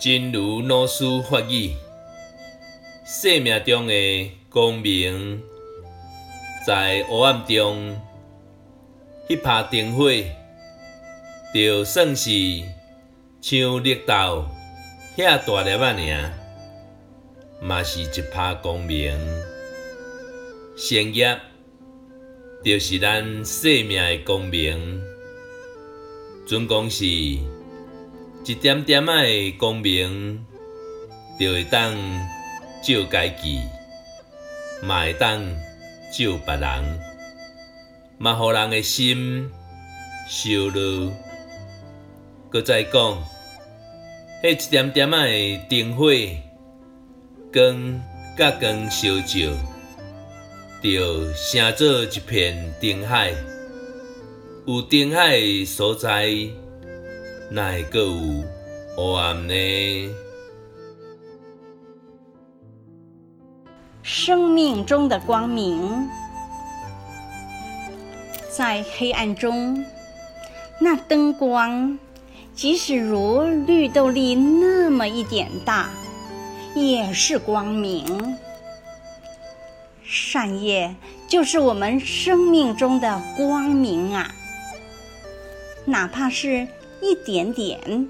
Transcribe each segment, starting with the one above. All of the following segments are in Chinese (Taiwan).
真如老師法語，生命中的光明，在黑暗中一帕燈火，就算是像綠豆遐大粒仔爾，嘛是一帕光明。善業，就是咱生命的光明。準講是。一點點仔的光明，就會當照家己，嘛會當照別人，嘛予人的心燒熱。擱再講，迄 一點點仔的燈火，光甲光相照，就成做一片燈海。有燈海的所在。那個我阿生命中的光明，在黑暗中，那燈光，即使如綠豆粒那麼一點大，也是光明。善業就是我們生命中的光明啊，哪怕是。一點點，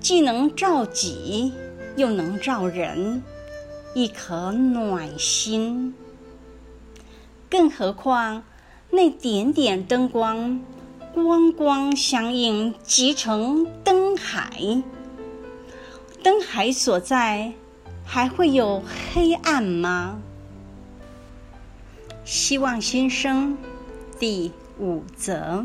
既能照己，又能照人，亦可暖心。更何況那點點燈光，光光相映，即成燈海。燈海所在，還會有黑暗嗎？希望新生第五則。